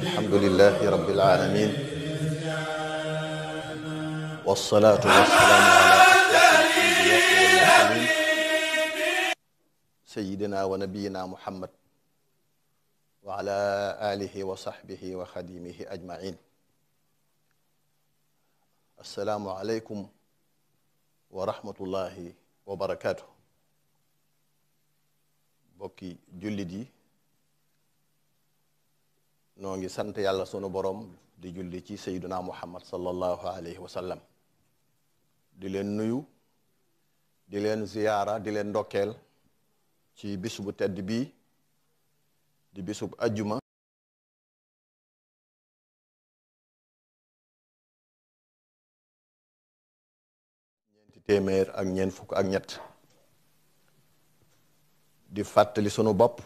الحمد لله رب العالمين والصلاة والسلام على سيدنا ونبينا محمد وعلى آله وصحبه وخديمه أجمعين السلام عليكم ورحمة الله وبركاته بكي جلدي noo ngi sant yàlla sunu boroom di julli ci sayyiduna muhammad sallallahu alayhi wa di leen nuyu di leen ziyaara di leen ndokkeel ci bis bu tedd bii di bisub ajjuma ñeenti téeméer ak ñeent fukk ak ñett di fàttali sunu bopp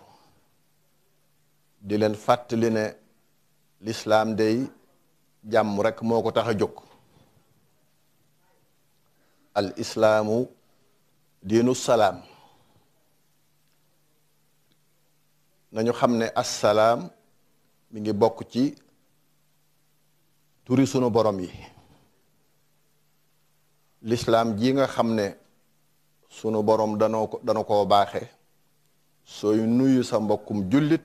di leen fàttali lislaam day jàmm rekk moo ko tax a jóg al islaamu diinu salaam nañu xam ne assalaam mi ngi bokk ci turi sunu borom yi lislaam ji nga xam ne sunu borom danoo ko dana koo baaxe sooy nuyu sa mbokkum jullit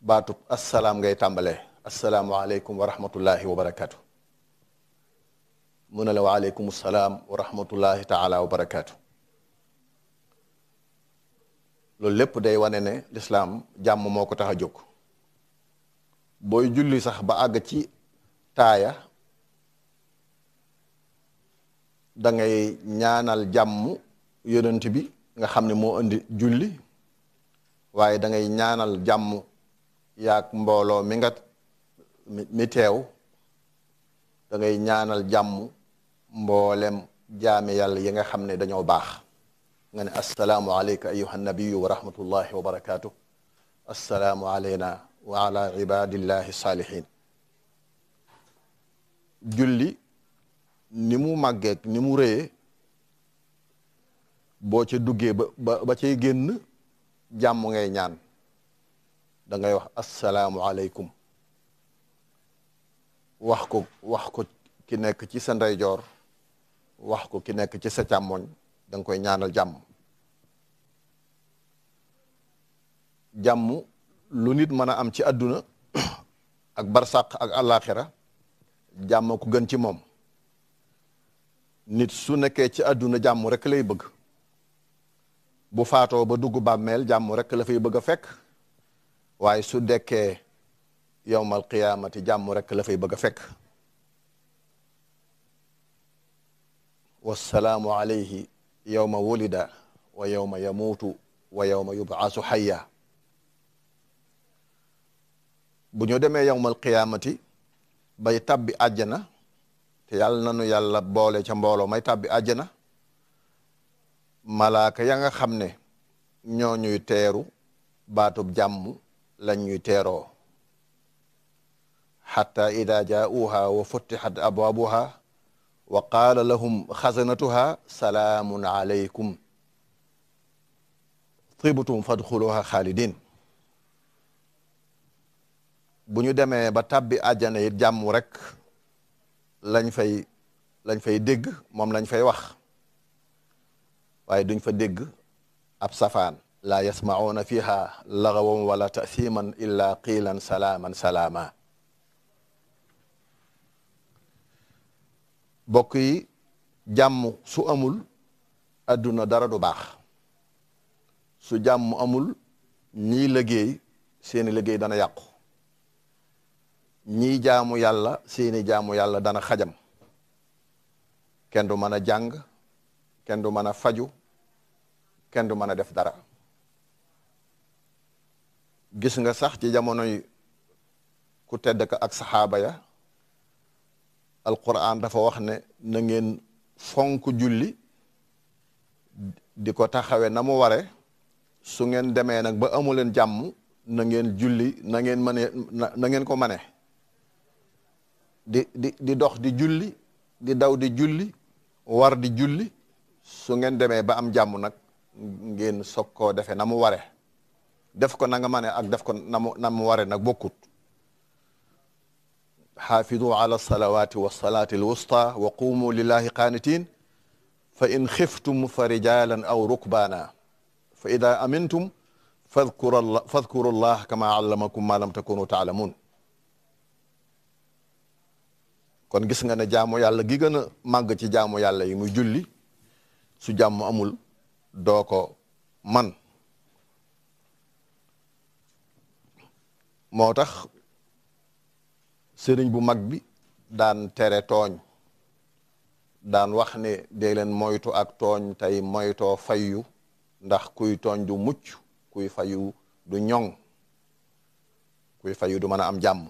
baatu assalaam ngay tàmbalee asalaamualeykum wa rahmatullahi wa barakaatu mu ne la waaleykum salaam wa rahmatullahi taala wa barakaatu loolu lépp day wane ne lislaam jàmm moo ko tax a jóg booy julli sax ba àgg ci taaya dangay ñaanal jàmm yonent bi nga xam ne moo indi julli waaye dangay ñaanal jàmm yaag mbooloo mi nga mi teew da ngay ñaanal jàmm mboolem jaami yàlla yi nga xam ne dañoo baax nga ne assalaamu alayka ayuha nabiyu wa rahmatullahi wa barakaatu assalaamu alayna wa ala ibadillahi saalihin julli ni mu màggeek ni mu réyee boo ca duggee ba ba ba cay génn jàmm ngay ñaan da ngay wax asalaamualeykum wax ko wax ko ki nekk ci sa ndeyjoor wax ko ki nekk ci sa càmmoñ danga koy ñaanal jàmm jàmm lu nit mën a am ci àdduna ak barsàq ak àllaaxira jàmm ko gën ci moom nit su nekkee ci àdduna jàmm rekk lay bëgg bu faatoo ba dugg bàmmeel jàmm rek la fay bëgg a fekk waaye su dekkee yowmal qiyaamati jàmm rekk la fay bëgg a fekk wassalaamu alayhi yowma wulida wa yowma yamuutu wa yowma yubaasu xayya bu ñu demee yowmal qiyaamati bay tabbi àjjana te yàlla nu yàlla boole ca mbooloo may tabbi àjjana malaaka ya nga xam ne ñoo ñuy teeru baatub jàmm lañ ñuy teeroo xatta ida jaauha wa futtixat abwaabuha wa qaala lahum xasanatuha salaamun alaykum tibtum fadxuluha xaalidin bu ñu demee ba tàbbi àjjana it jàmm rek lañ fay lañ fay dégg moom lañ fay wax waaye duñ fa dégg ab safaan لا يسمعون فيها لغوا ولا تأثيما إلا قيلا سلاما سلاما بقي جام سو أمول أدونا دردو باخ سو جام أمول ني لغي سيني لغي دانا يقو ني جامو يالا سيني جامو يالا دانا خجم كندو مانا جانج كندو مانا فجو كندو مانا دف gis nga sax ci jamonoy ku tedd ka ak saxaaba ya alquran dafa wax ne na ngeen fonk julli di ko taxawe na mu ware su ngeen demee nag ba amulen leen jàmm na ngeen julli na ngeen mane na ngeen ko di di di dox di julli di daw di julli war di julli su ngeen demee ba am jàmm nag ngeen defe na mu ware def ko na nga mane ak def ko namu na mu ware nag bokkut xaafidu ala alsalawati walsalati alwusta wa qumu lillahi qaanitin fa in xiftum fa rijalan aw rukbana fa ida amintum fadkuru fadkuru llah kama allamakum ma lam takunu taalamun kon gis nga ne jaamu yàlla gi gën a màgg ci jaamu yàlla yi muy julli su jàmm amul doo ko man moo tax sëriñ bu mag bi daan tere tooñ daan wax ne dee leen moytu ak tooñ tey moytoo fayu ndax kuy tooñ du mucc kuy fayu du ñoŋ kuy fayu du mën a am jàmm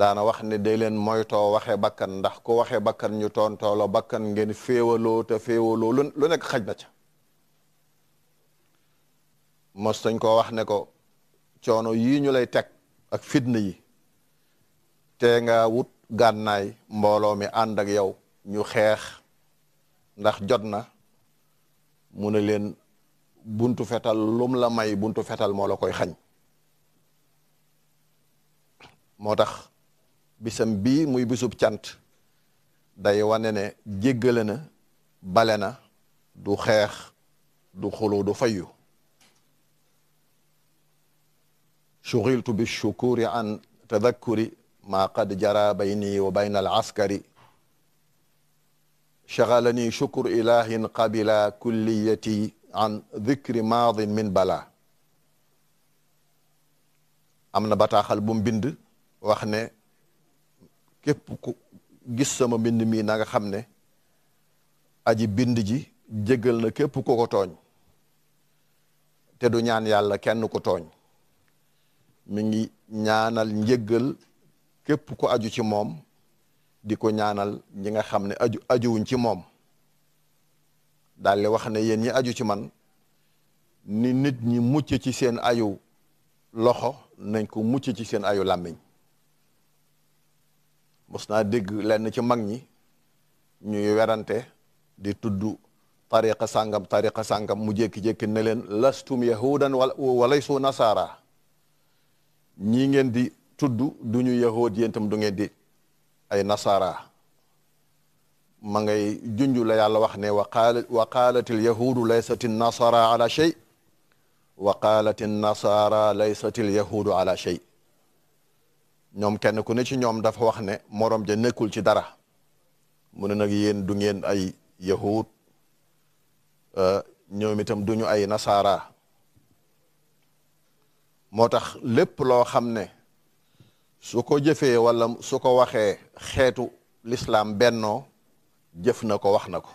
daana wax ne dee leen moytoo waxe bakkan ndax ku waxe bakkan ñu tontoola bakkan ngeen féewaloo te féewaloo lu nekk xaj na ca mos tañ ko wax ne ko coono yi ñu lay teg ak fitna yi te nga wut gànnaay mbooloo mi ànd ak yow ñu xeex ndax jot na mu ne leen buntu fetal lum la may buntu fetal moo la koy xañ moo tax bisam bi muy bisub cant day wane ne jéggale na bale na du xeex du xulu du fayu شغلت بالشكور عن تذكر ما قد جرى بيني وبين العسكر شغلني شكر إله قبل كليتي عن ذكر ماض من بلا أمنا بتاخل بوم بند وخنا كيف جسم ما بند مي خمنا أجي بند جي جيغل كيف كوكو تدو نيان يالا كين كو mi ngi ñaanal njëggal képp ku aju ci moom di ko ñaanal ñi nga xam ne aju ajuwuñ ci moom daal di wax ne yéen ñi aju ci man ni nit ñi mucc ci seen ayu loxo nañ ko mucc ci seen aju làmmiñ mos naa dégg lenn ci mag ñi ñuy werante di tudd tariqa sàngam tariqa sàngam mu jékki-jékki ne leen lastum yahudan wala walaysu nasaara ñii ngeen di tudd du ñu yahood yéen itam du ngeen di ay nasaara ma ngay junj yàlla wax ne wa qaalat al yahudu laysat an nasara ala shay wa qaalat an nasara ala shay ñoom kenn ku ne ci ñoom dafa wax ne morom ja nekkul ci dara mu ne nag yéen du ngeen ay yahud euh, ñoom itam duñu ay nasaara moo tax lépp loo xam ne su ko jëfee wala su ko waxee xeetu lislaam bennoo jëf na ko wax na ko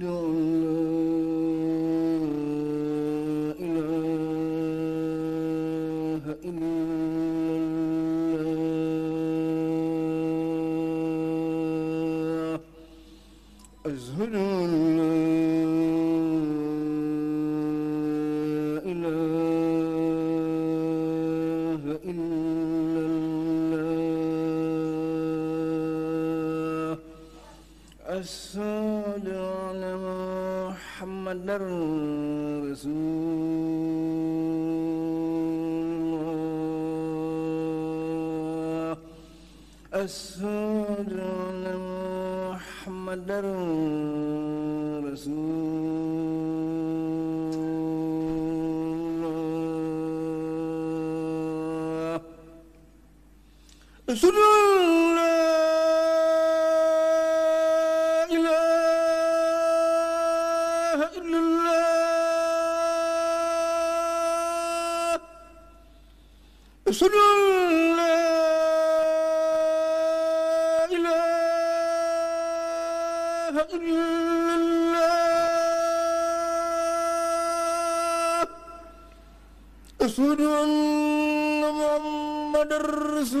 could الرسول أشهد أن رسول الله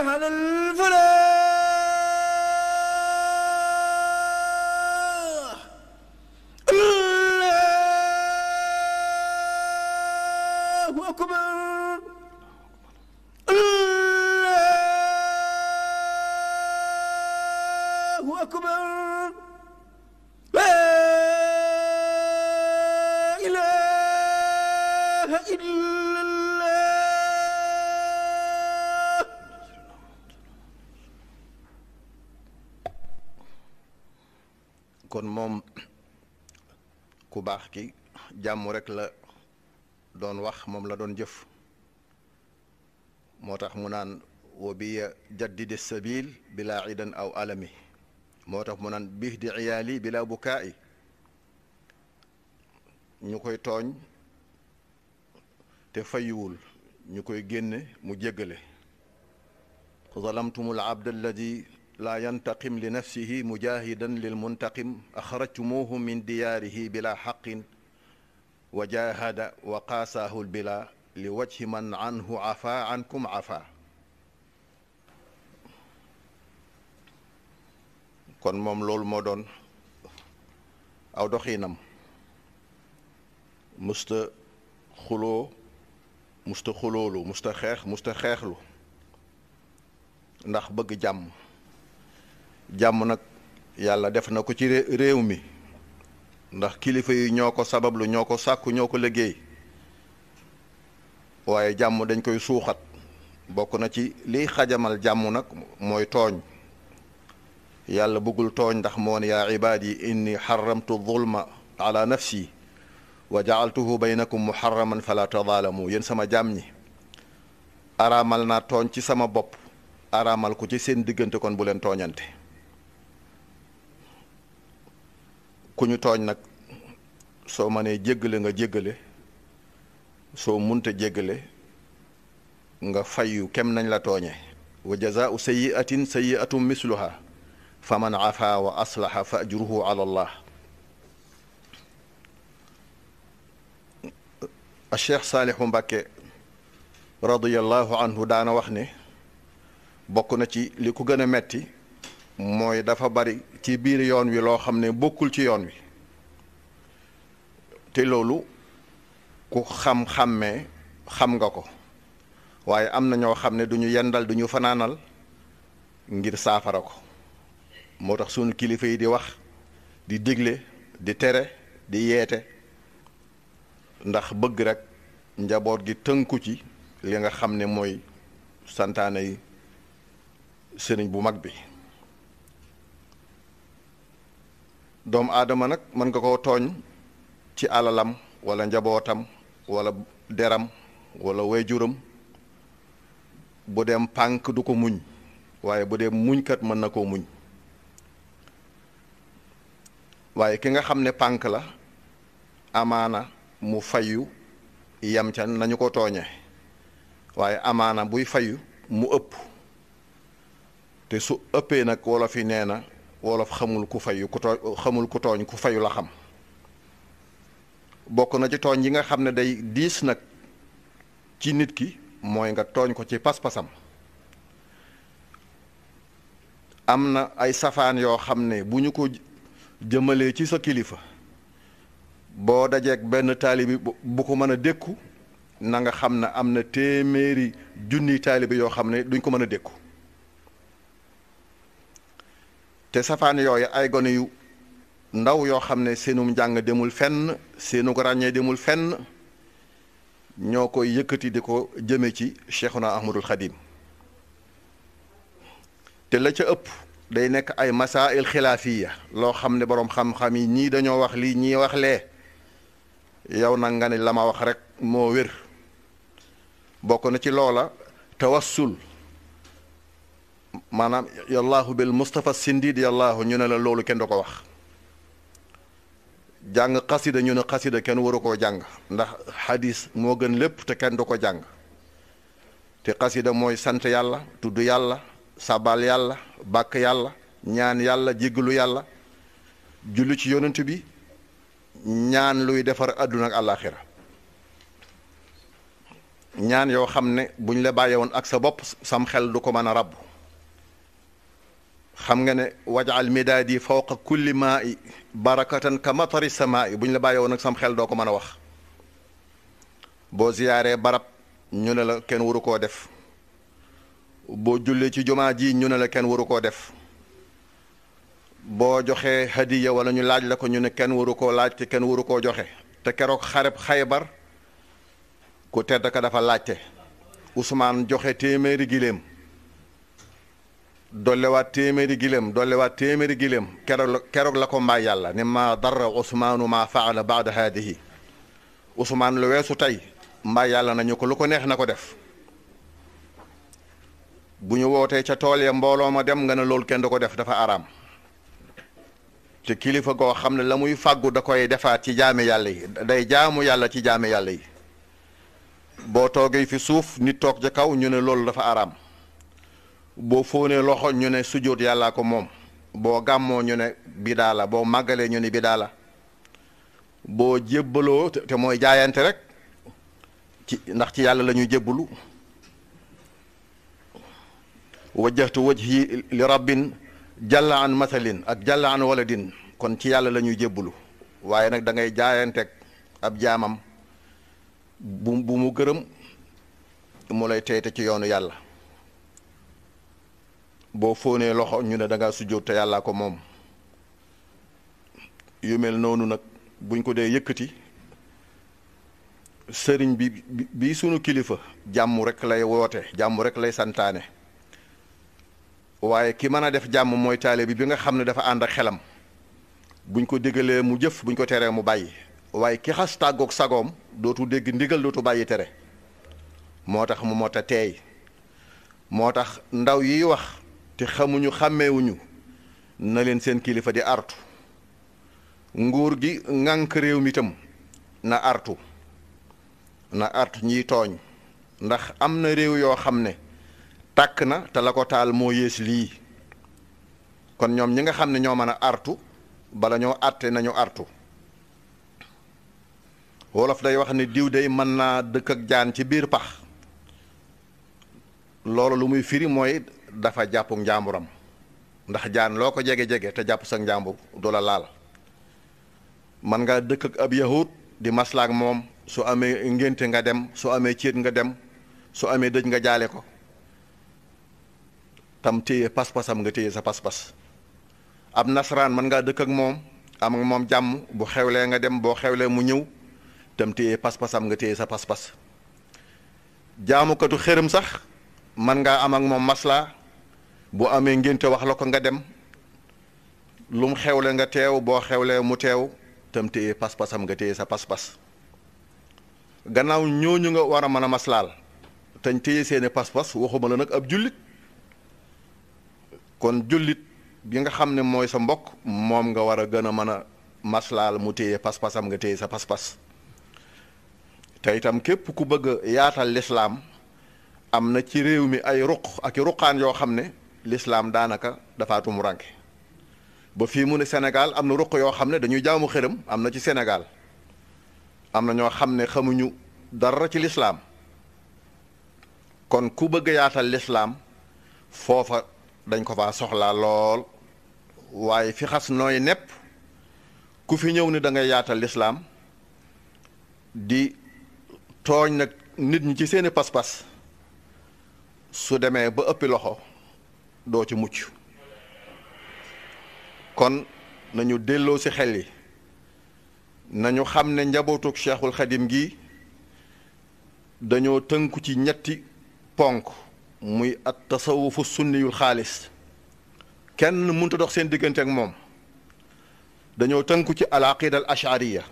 على الفلاح ki jàmm rek la don wax mom la don jëf motax mu nan wabi jaddid as sabil bila idan aw alami motax mu nan biix di bila bukai ñukoy togn te fayiwul ñukoy génne mu jéggelé ظلمتم العبد الذي لا ينتقم لنفسه مجاهدا للمنتقم أخرجتموه من دياره بلا حق وجاهد وقاساه البلا لوجه من عنه عفا عنكم عفا كن موم لول مودون او دخينم مست خلو مست خلولو مست خيخ مست خيخلو jàmm nag yàlla def na ko ci réew mi ndax kilifa yi ñoo ko sabablu ñoo ko sàkku ñoo ko liggéey waaye jàmm dañ koy suuxat bokk na ci liy xajamal jàmm nag mooy tooñ yàlla bëggul tooñ ndax moo ne yaa ibaadi inni xaramtu zulma ala nafsi wa jaaltuhu baynakum muharraman fala tadaalamu yéen sama jàmm ñi araamal naa tooñ ci sama bopp araamal ko ci seen diggante kon bu leen tooñante ku ñu tooñ nag soo mënee jéggale nga jéggale soo munta jéggale nga fayu kem nañ la tooñe wa jazaau sayiatin sayiatum misluha fa man afa wa aslaha fa ajruhu ala allah a cheikh mbàkke radiallahu anhu daana wax ne bokk na ci li ku gën a metti mooy dafa bari ci biir yoon wi loo xam ne bokkul ci yoon wi te loolu ku xam-xàmmee xam nga ko waaye am na ñoo xam ne du ñu yendal du ñu fanaanal ngir saafara ko moo tax sunu kilifa yi di wax di digle di tere di yeete ndax bëgg rekk njaboot gi tënku ci li nga xam ne mooy santaane yi sëriñ bu mag bi doomu aadama nag mën nga koo tooñ ci alalam wala njabootam wala deram wala wayjuram bu dem pànk du ko muñ waaye bu dee muñkat mën na koo muñ waaye ki nga xam ne pànk la amaana mu fayu yam ca nañu ko tooñe waaye amaana buy fayu mu ëpp te su ëppee nag wolof yi nee na wolof xamul ku fayu ku tooñ xamul ku tooñ ku fayu la xam bokk na ci tooñ yi nga xam ne day diis nag ci nit ki mooy nga tooñ ko ci pas-pasam am na ay safaan yoo xam ne bu ñu ko jëmalee ci sa kilifa boo dajeeg benn taalibi bu ko mën a dékku na nga xam ne am na téeméeri junniy taalibi yoo xam ne duñ ko mën a dékku te safaan yooyu ay gone yu ndaw yoo xam ne seenum njàng demul fenn seenu ràññee demul fenn ñoo koy yëkkati di ko jëme ci Cheikhuna Ahmadul Xadim te la ca ëpp day nekk ay masail xilaafiya loo xam ne boroom xam-xam yi ñii dañoo wax lii ñii wax lee yow nag nga ne la ma wax rek moo wér bokk na ci loola tawassul Manam yallaahu bil Moustapha Sindiid yallaahu ñu ne la loolu kenn du ko wax jàng xasida ñu ne xasida kenn waru koo ndax xadis gën te kendo du ko te xasida mooy sant yàlla tudd yàlla sabal yalla bàkk yàlla ñaan yàlla jéggalu yàlla jullu ci yonent bi ñaan luy defar àdduna ak àllaaxira ñaan yoo xam buñ la bàyyi woon ak sa sam xel du ko rabbu xam nga ne wajal midadi yi fawqa kulli ma'i barakatan ka matari samaa i bu la bàyyi woon ak sam xel doo ko mën a wax boo ziyaaree barab ñu ne la kenn waru koo def boo julle ci jumaa ji ñu ne la kenn waru koo def boo joxee hadiya wala ñu laaj la ko ñu ne kenn waru koo laaj te kenn waru koo joxe te keroog xareb xaybar ku tedd ka dafa laajte Ousmane joxe téeméeri giléem dollewaat téeméeri giléem dollewaat téeméeri giléem keroog keroog la ko mbaay yàlla ni ma darra usmaanu ma faala baada haadihi usmaan lu weesu tey mbaay yàlla nañu ko lu ko neex na ko def bu ñu wootee ca tool ya mbooloo ma dem nga ne loolu kenn du ko def dafa araam te kilifa goo xam ne la muy fàggu da koy defaat ci jaame yàlla yi day jaamu yàlla ci jaame yàlla yi boo toogee fi suuf nit toog ca kaw ñu ne loolu dafa araam boo fóonee loxo ñu ne sujjóot yàllaa ko moom boo gàmmoo ñu ne bidaa la boo màggalee ñu ne bidaa daala boo jébbaloo te mooy jaayante rek ci ndax ci yàlla la ñuy jébbalu wajjahtu wajhi li rabbin ak jalla an waladin kon ci yàlla la ñuy jébbalu waaye nag dangay ngay ab jaamam bu mu gërëm mu lay teyte ci yoonu yàlla boo fóonee loxo ñu ne da ngaa sujjóot te yàllaa ko moom yu mel noonu nag buñ ko dee yëkkati sëriñ bi bi sunu kilifa jàmm rek lay woote jàmm rek lay santaane waaye ki mën a def jàmm mooy taale bi bi nga xam ne dafa ànd ak xelam buñ ko digalee mu jëf buñ ko teree mu bàyyi waaye ki xas tàggoog sagoom dootu dégg ndigal dootu bàyyi tere moo tax mu mot teey moo tax ndaw yiy wax te xamuñu xàmmeewuñu na leen seen kilifa di artu nguur gi ŋànk réew mi tam na artu na artu ñiy tooñ ndax am na réew yoo xam ne tàkk na te la ko taal moo yées lii kon ñoom ñi nga xam ne ñoo mën a artu bala ñoo àtte nañu artu wolof day wax ne diw day mën naa dëkk ak jaan ci biir pax loolu lu muy firi mooy dafa jàpp njaamuram ndax jaan loo ko jege-jege te jàpp sa do du la laal man nga dëkk ak ab yahut di maslaak moom su amee ngénte nga dem su amee céet nga dem su amee dëj nga jaale ko tam téye pas-pasam nga téye sa pas-pas ab nasaraan man ngaa dëkk ak moom am ak moom jàmm bu xewlee nga dem boo xewlee mu ñëw tam téye pas-pasam nga téye sa pas-pas katu xërëm sax man ngaa am ak moom maslaa bu amee ngénte wax la ko nga dem lu mu xewle nga teew boo xewlee mu teew tam téye pas-pasam nga téye sa pas-pas gannaaw ñooñu nga war a mën a maslaal tañ téye seeni pas-pas waxuma la nag ab jullit kon jullit bi nga xam ne mooy sa mbokk moom nga war a gën a mën a maslaal mu téye pas-pasam nga téye sa pas-pas te itam képp ku bëgg yaatal lislaam am na ci réew mi ay ruq ak ruqaan yoo xam ne lislaam daanaka dafa tumuranke ba fii mu ne senegaal am na ruq yoo xam ne dañuy jaamu xërëm am na ci senegaal am na ñoo xam ne xamuñu dara ci lislaam kon ku bëgg yaatal lislaam foofa dañ ko faa soxlaa lool waaye fi xas nooy nepp ku fi ñëw ni dangay yaatal lislaam di tooñ nag nit ñi ci seeni pas-pas su demee ba ëppi loxo doo ci mucc kon nañu delloo ci xel yi nañu xam ne njabootuk Cheikhul xadim gi dañoo tënku ci ñetti ponk muy at tasawufu sunniyul xaalis kenn mënta dox seen diggante ak moom dañoo tënku ci al aqida ashariya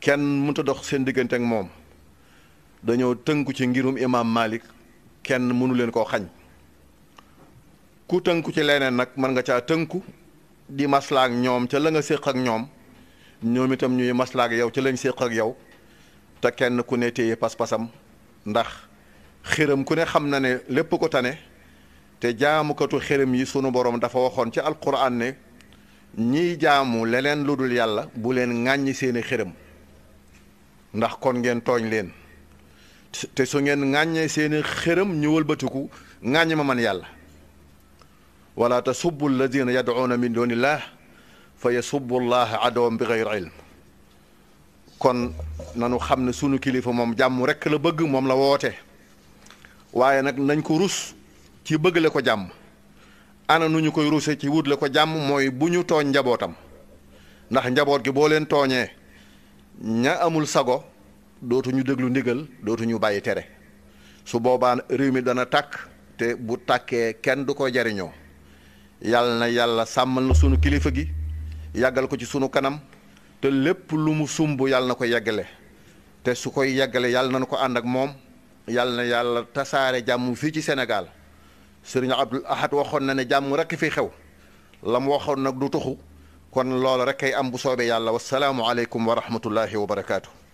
kenn mënta dox seen diggante ak moom dañoo tënku ci ngirum imam Malik kenn mënu leen koo xañ ku tënku ci leneen nag mën nga caa tënku di maslaak ñoom ca la nga séq ak ñoom ñoom itam ñuy maslaak yow ca lañ séq ak yow te kenn ku ne téye pas-pasam ndax xërëm ku ne xam na ne lépp ko tane te jaamukatu xërëm yi sunu borom dafa waxoon ci alquran ne ñiy jaamu leneen lu dul yàlla bu leen ŋàññi seeni xërëm ndax kon ngeen tooñ leen te su ngeen ŋàññee seeni xërëm ñu wëlbatiku ŋàññ ma man yàlla wala tasubbu alladina yad'uuna min dunillah fa yasubbu llaha adowam bi gayri ilm kon nanu xam ne sunu kilifa moom jàmm rekk la bëgg moom la woote waaye nag nañ ko rus ci bëgg la ko jàmm ana nu ñu koy ruse ci wut la ko jàmm mooy bu ñu tooñ njabootam ndax njaboot gi boo leen tooñee ña amul sago dootuñu déglu ndigal dootuñu bàyyi tere su boobaa réew mi dana tàkk te bu tàkkee kenn du ko jariñoo yàlla na yàlla sàmmal na sunu kilifa gi yàggal ko ci sunu kanam te lépp lu mu sumb yàlla na ko yeggale te su koy yeggale yàlla na nu ko ànd ak moom yàlla na yàlla tasaare jàmm fii ci senegal sëriñ Abdul Ahad waxoon na ne jàmm rekk fi xew la mu waxoon nag du taxu kon loolu rek kay am bu soobee yàlla wa wasalaamualeykum wa rahmatullahi wa barakaatu.